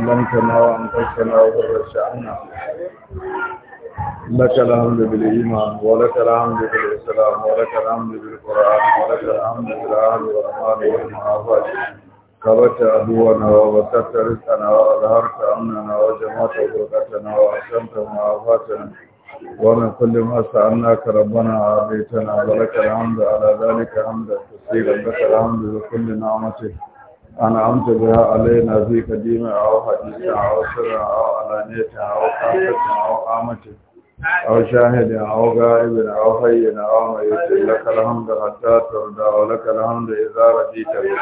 لنكنا وأنفسنا وضر شأننا لك الحمد بالإيمان ولك الحمد بالإسلام ولك الحمد بالقرآن ولك الحمد بالعهد والأمان والمعافاة كبت عدونا وبسطت رزقنا وأظهرت أمننا وجمعت بركتنا وأحسنت معافاتنا ومن كل ما سألناك ربنا عافيتنا ولك الحمد على ذلك حمدا كثيرا لك الحمد بكل نعمتك أنعمت بها علينا في قديم أو حديث أو سر أو علانية أو خاصة أو قامة أو شاهد أو غائب أو حي أو ميت لك الحمد حتى ترضى ولك الحمد إذا رضيت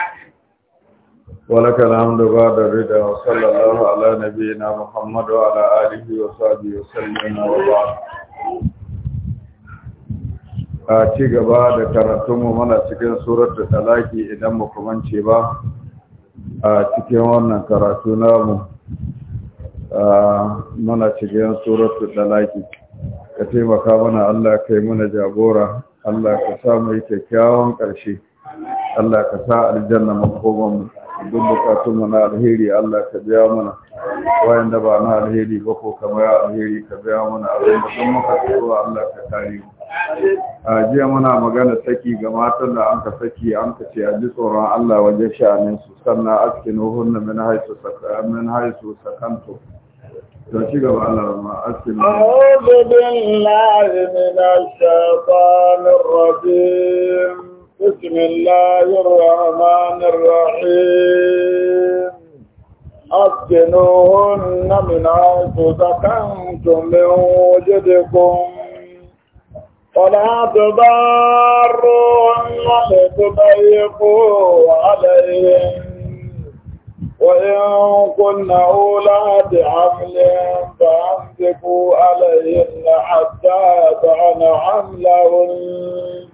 ولك الحمد بعد الرضا وصلى الله على نبينا محمد وعلى آله وصحبه وسلم وبعد a ci gaba da karatunmu mana cikin surar suratul talaki idan mu kumance ba a cikin wannan karatu namu mana cikin suratu dalaki ka taimaka mana Allah ka yi mana jagora Allah ka sa mu kyakkyawan ƙarshe Allah ka sa aljanna makoman duk bukatun mu na alheri Allah ka biya mana wayanda ba na alheri ba ko kamar alheri ka biya mana abin da sun ka tsoro Allah ka kare mu a jiya muna magana saki ga matan da an ka saki an ka ce a ji tsoron Allah wajen sha'anin su sannan askin hunna min haisu min haisu sakanto to ci gaba Allah ma askin a'udhu billahi minash shaitanir rajim bismillahir rahmanir rahim min من حيث سكنتم من وجدكم ولا تضارون تضيقوا عليهم وإن كن أولى حمل فأمسكوا عليهن حتى تعن حملهن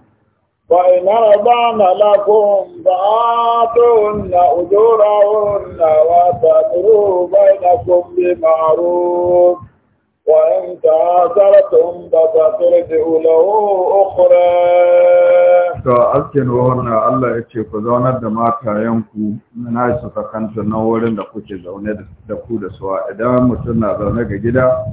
فإن رضعن لكم فآتوهن أجورهن وتأمروا بينكم بمعروف وإن تعاثرتم فترجعوا له أخرى to askin ruhunna Allah ya ce ku zaunar da matayenku na su kakanta na wurin da kuke zaune da ku da suwa idan mutum na zaune ga gida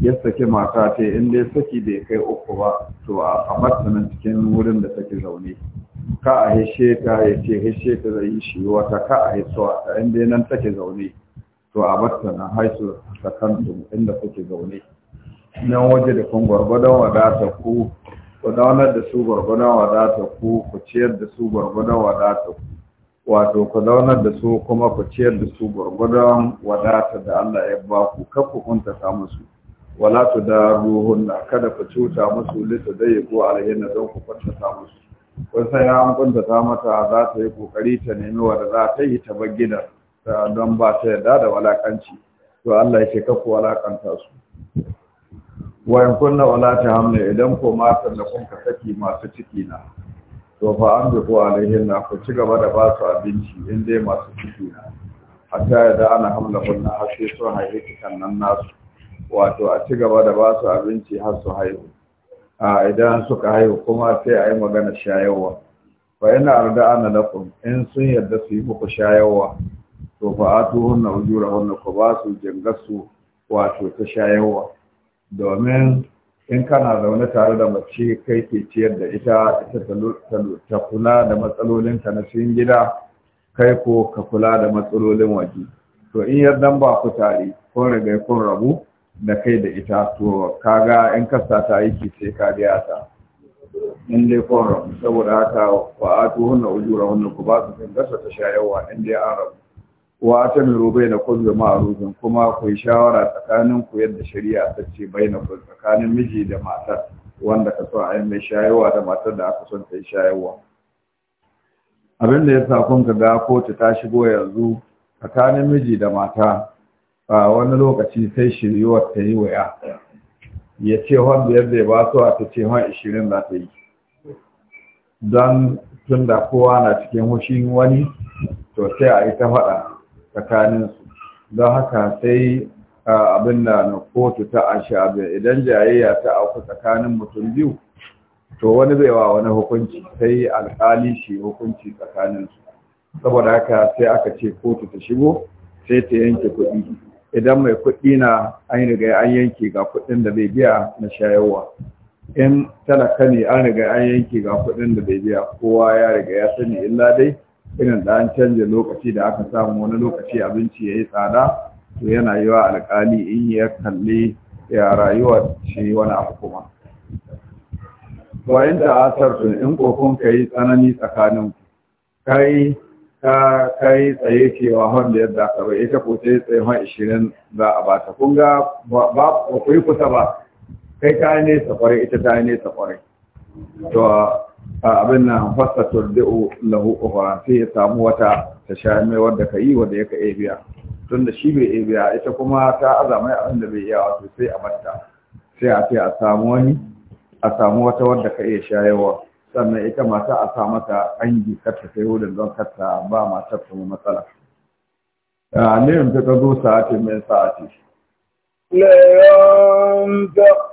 ya saki mata ta in dai saki bai kai uku ba to a matsanin cikin wurin da take zaune ka a hishe ta ya ce hishe ta zai yi shi wata ka a hisuwa ta in dai nan take zaune to a batta na haisu sakantum inda kuke zaune nan waje da kun gwargwadon wadata ku ku daunar da su gwargwadon wadata ku ku ciyar da su gwargwadon wadata ku wato ku daunar da su kuma ku ciyar da su gwargwadon wadata da Allah ya ba ku kar ku ta musu wala tu daruhunna kada ku cuta musu lita dai ko alayhinna don ku ta musu kun sai an ta mata za ta yi kokari ta nemi wadda za ta yi ta bar gidan don ba ta yadda da walakanci to Allah ya ce kafu walakanta su wayan kunna wala ta hamna idan ko matan da kun ka saki masu ciki na to fa an bi ko alaihin na ku ci gaba da ba su abinci in dai masu ciki na ta yadda ana hamla kunna har sai sun haihu cikan nan nasu wato a ci gaba da ba su abinci har su haihu a idan suka haihu kuma sai a yi magana shayarwa fa ina arda ana lakum in sun yadda su yi muku shayarwa to fa ujura ujurahunna ku ba su jangasu wato ta shayarwa domin in kana zaune tare da mace kai ke ciyar da ita ita ta kula da matsalolinta na cikin gida kai ko ka kula da matsalolin waje to in yardan ba ku tare ko riga kun rabu da kai da ita to kaga in kasta ta aiki sai ka biya ta in dai kun rabu saboda haka wa atu hunna ujura hunna ku ba su kan su ta shayarwa in dai an rabu wa ta miro na kun zama a kuma ku shawara tsakanin ku yadda shari'a ta ce bai na kun tsakanin miji da matar wanda ka so a yi mai shayarwa da matar da aka son ta yi shayarwa abin da ya sa kun ka ga kotu ta shigo yanzu tsakanin miji da mata a wani lokaci sai shiryuwar ta yi waya ya ce wanda yadda ya ba su a ta ce wani ishirin za ta yi don tun da kowa na cikin hushin wani to sai a ita faɗa su. don haka sai abin da na kotu ta ashabi idan jayayya ta auku tsakanin mutum biyu to wani bai wa wani hukunci sai alƙali shi hukunci tsakaninsu saboda haka sai aka ce kotu ta shigo sai ta yanke kuɗi idan mai kuɗi na an riga an yanke ga kuɗin da bai biya na shayarwa in talaka ne an riga an yanke ga kuɗin da bai biya kowa ya riga ya sani illa dai irin an canja lokaci da aka samu wani lokaci abinci ya yi tsada to yana yi wa alƙali in ya kalli ya rayuwa ce wani abu kuma wayan da asar in kokon ka yi tsanani tsakanin kai ka yi tsaye cewa wanda yadda ka bai ita ko sai tsaye ma ishirin za a bata kun ga ba ku kusa ba kai ka ne kwarai ita ta yi ne kwarai to abin nan fasta turdi'u lahu ukhra sai ya samu wata ta sha mai wanda ka yi wanda yaka abiya da shi bai abiya ita kuma ta azama abin da bai iya wato sai a bata sai a ce a samu wani a samu wata wanda ka iya shayarwa sannan ita mata a sa mata angi karta sai wurin don karta ba matar kuma matsala. A Alirin ta zo sa'ati mai sa'ati لينفق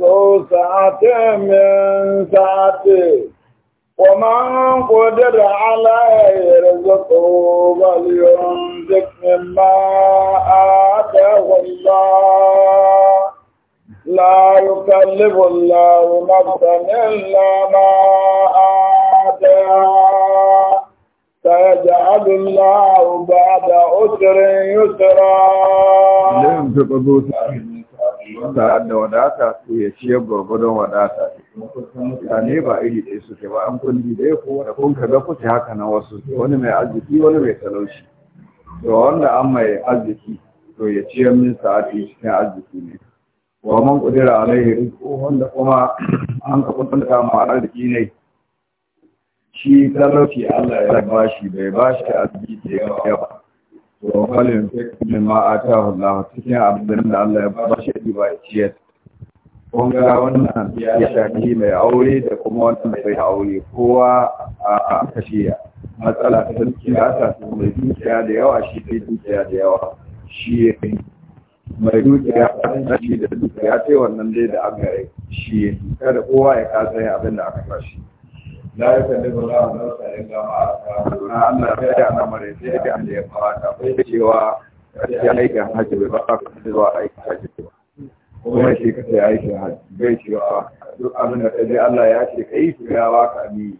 ذو سعة من سعته ومن قدر عليه رزقه فلينفق مما آتاه الله لا يكلف الله نفسا إلا ما آتاها سيجعل الله بعد عسر يسرا لم تقضوا wanda an da wadata su ya ci yabba gwargwadon wadata ne ba iri ɗaya suke ba an kulli dai ko da kun ka ga kuce haka na wasu wani mai arziki wani mai talauci to wanda an mai arziki to ya ciyar min sa'ati cikin arziki ne wa man kudira alaihi wanda kuma an ka kunta ma arziki ne shi talauci Allah ya ba shi bai ba shi arziki da yawa yawa Wa falin fikin ma a ta hula cikin abin da Allah ya ba shi ya ba ciyar kun ga wannan ya shafi mai aure da kuma wannan bai aure kowa a kashiya matsala ta dukiya ta mai dukiya da yawa shi bai dukiya da yawa shi mai dukiya a shi da dukiya ta wannan dai da aka yi shi kada kowa ya kasa yin abin da aka fashi. la ya kalli ba za a zarta yin gama a na Allah bai ba ka zuwa aikin kuma shi ka sai aikin hajji bai ba. duk abin da kaje Allah ya ce ka yi ya ba ka ni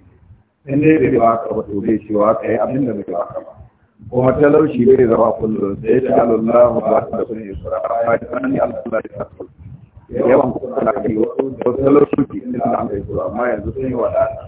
in dai bai ba ka ba to bai cewa ka yi abin da bai ba ka ba kuma talauci bai zama kullum sai da Allah ba ta da sun yi ba ta nan Allah ya ta yawan kuka da wasu ne da an kai sura amma yanzu sun yi wadata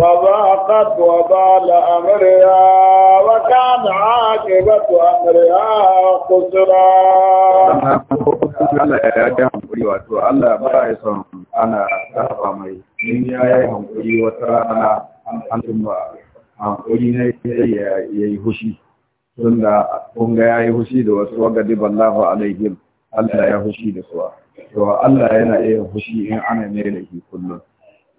فضاقت وبال أمرها وكان عاقبة أمرها خسرا Allah ya yi hankuri wato Allah ba ya son ana tafa mai in ya yi hankuri wata rana an ba. hankuri ne ya yi hushi tun da kunga ya yi hushi da wasu wagadi ballahu alaihim Allah ya hushi da suwa to Allah yana iya hushi in ana ne da kullum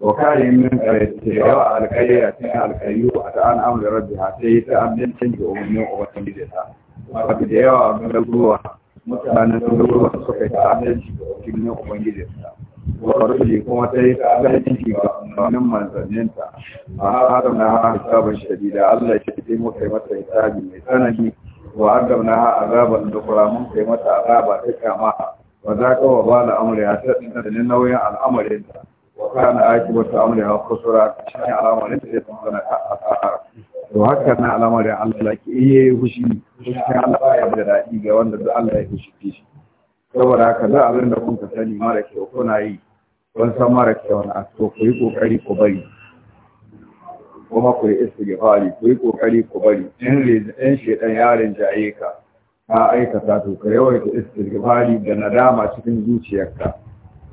وكاري من الاتجاه الكيئة الكيوة عن أمر ربها سيئة أمن تنجي أمني وتنجدها وقد يوى أمن الله متعنى الله سكيئة أمن تنجي وتنجدها وقرشي كما سيئة أمن تنجي ومن من ظننتا فهذا حسابا شديدا الله يشتم وكيمة حسابي لسانه وعدمناها عذابا دخرا من كيمة عذابا تكامها وذاك هو وبال أمرها تتنى لنوي عن أمرها kana عاجب wata amri ha kusura shi ne alamarin da zai zama na asara to haka na alamarin Allah ke iya yi hushi hushi Allah da daɗi ga wanda da Allah ya saboda haka za bin da kun ka sani mara kyau kuna yi kun san mara kyau na to ku yi kokari ku bari kuma ku yi istighfari ku yi kokari ku bari in in shedan ka ka aikata to ka yawaita istighfari da nadama cikin zuciyarka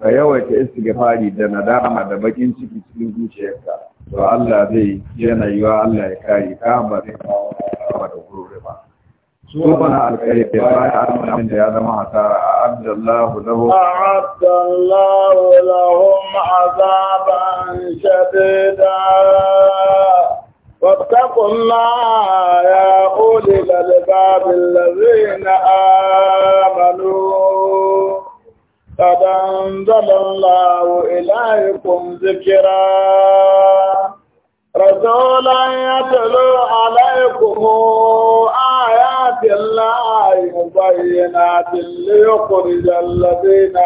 ka yawaita istighfari da nadama da bakin ciki cikin zuciyarka to Allah zai yana yiwa Allah ya kare ka ba zai kawo da gurbe ba ba bana alkai da ya armin da ya zama hasara a abdallahu lahu abdallahu lahu azaban shadida واتقوا الله يا أولي الألباب الذين آمنوا قد أنزل الله إليكم ذكرا رسولا يتلو عليكم آيات الله مبينات ليخرج الذين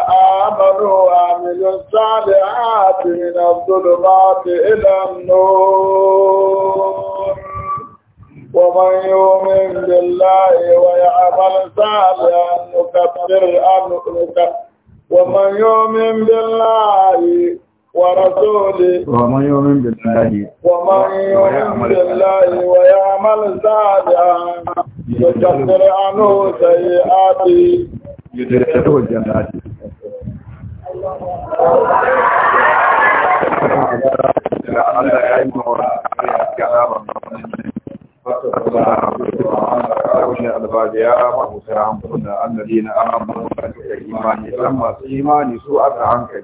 آمنوا وعملوا الصالحات من الظلمات إلى النور ومن يؤمن بالله ويعمل صالحا نكفر عنه ومن يؤمن بالله ورسوله ومن يؤمن بالله ومن يؤمن بالله ويعمل صالحا يكفر عنه سيئاته يدخله الجنات Allah ya yi mawa ya gaba يا أبا مسرعان imani. Dan masu imani su a سوء hankali.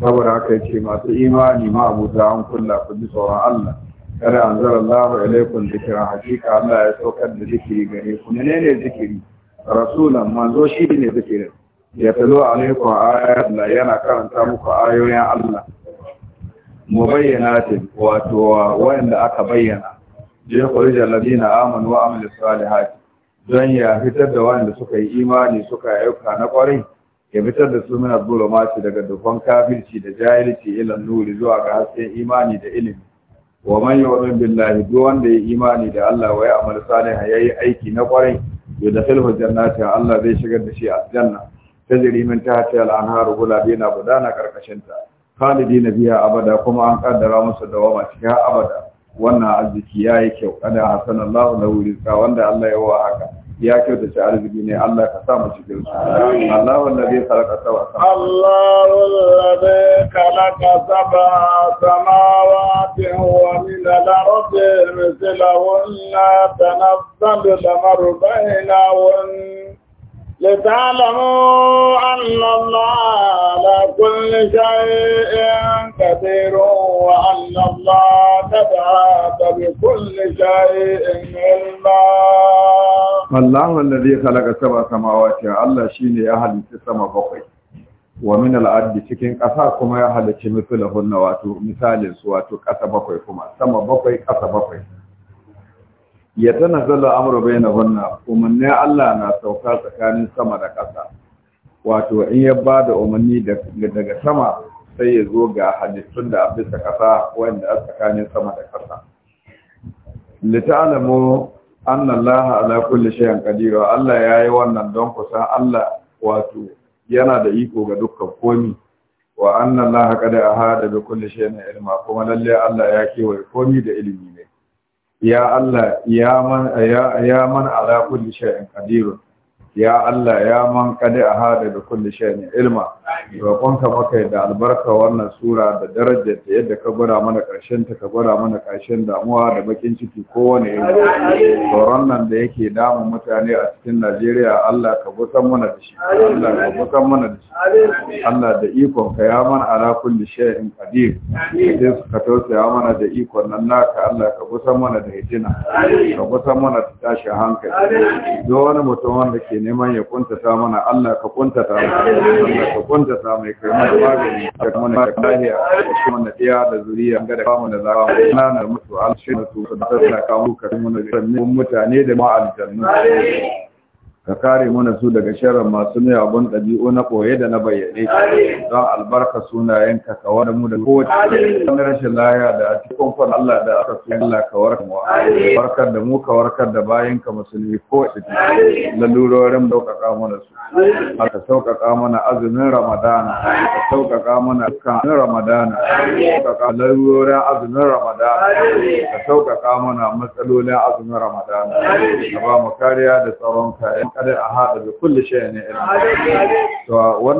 saboda haka ce masu imani ma abuta an kulla ku ji tsoron Allah kada an zara Allah hakika Allah ya saukar da zikiri gare ku menene zikiri rasulan manzo shi ne zikirin ya talo alaikum ayat Allah yana karanta muku ayoyin Allah mubayyanatin wato wanda aka bayyana je kuri jallabina amanu wa amilus salihati don ya fitar da wanda suka yi imani suka ayyuka na kwarai ya fitar da su mina daga dukkan kafirci da jahilci ilan nuri zuwa ga hasken imani da ilimi wa man yu'min billahi duk wanda ya imani da Allah wa ya'mal salihan yayi aiki na kwarai yudkhilhu jannati Allah zai shigar da shi aljanna tajri min tahtiha al-anharu gulabi na gudana karkashin ta khalidina biya abada kuma an kaddara musu dawama cikin abada wannan arziki yi kyau kada hasanallahu lahu rizqa wanda Allah ya wa haka ya kyautace arziki ne Allah ka sa mu cikin su Allah wallahi khalaqa sab'a sama Allah wallahi khalaqa sab'a samawati wa min al-ardi mithlahunna tanazzalu al-amru bainahunna لتعلموا أن الله على كل شيء قدير وأن الله قد أحاط بكل شيء علما الله الذي خلق سبع سماوات الله شيني أهل السماء بقي ومن الأرض cikin ƙasa kuma ya halicci mithluhunna wato misalin su wato ƙasa bakwai kuma sama bakwai ƙasa bakwai ya tana tanazzalu amru bainahunna umanni Allah na sauka tsakanin sama da ƙasa wato in ya bada umarni daga sama sai ya zo ga halittun da bisa kasa wanda a tsakanin sama da kasa litalamu anna allaha ala kulli shay'in qadir Allah yayi wannan don ku san Allah wato yana da iko ga dukkan komi wa anna allaha qad ahada bi kulli shay'in ilma kuma lalle Allah ya kewaye komi da ilimi ne ya Allah ya man ya man ala kulli shay'in ya Allah ya man kadi a hada da kulli shay'in ilma ka maka da albarka wannan sura da darajar ta yadda ka gwada mana ƙarshen ta ka gwada mana ƙarshen damuwa da bakin ciki kowane irin tsoron nan da yake damun mutane a cikin Najeriya Allah ka gusan mana da shi Allah ka gusan mana da shi Allah da ikon ka ya man ala kulli shay'in qadir ka tausaya mana da ikon nan naka Allah ka gusan mana da hijina ka gusan mana da tashin hankali don wani mutum wanda ke ne. neman ya kuntata mana Allah ka kuntata mana ka kuntata mai kai mana magani da mana ka lahiya da shi mana iya da zuriya ga da kamu da zawa na na mutu al shi da su da ta kamu ka mun mutane da ma aljanna ka kare mana su daga sharar masu miyagun ɗabi'u na ɓoye da na bayyane don albarka yanka ka wani mu da kowace wani rashin laya da a cikin kwan Allah da aka suna Allah ka warka mu barkar da mu ka warkar da bayan ka musulmi kowace ita lalurorin sauƙaƙa mana su ka sauƙaƙa mana azumin ramadana ka sauƙaƙa mana dukkan ramadana ka sauƙaƙa lalurorin azumin ramadana ka sauƙaƙa mana matsalolin azumin ramadana ka ba mu kariya da tsaron kayan kada a hada da kulli shay'in ilma to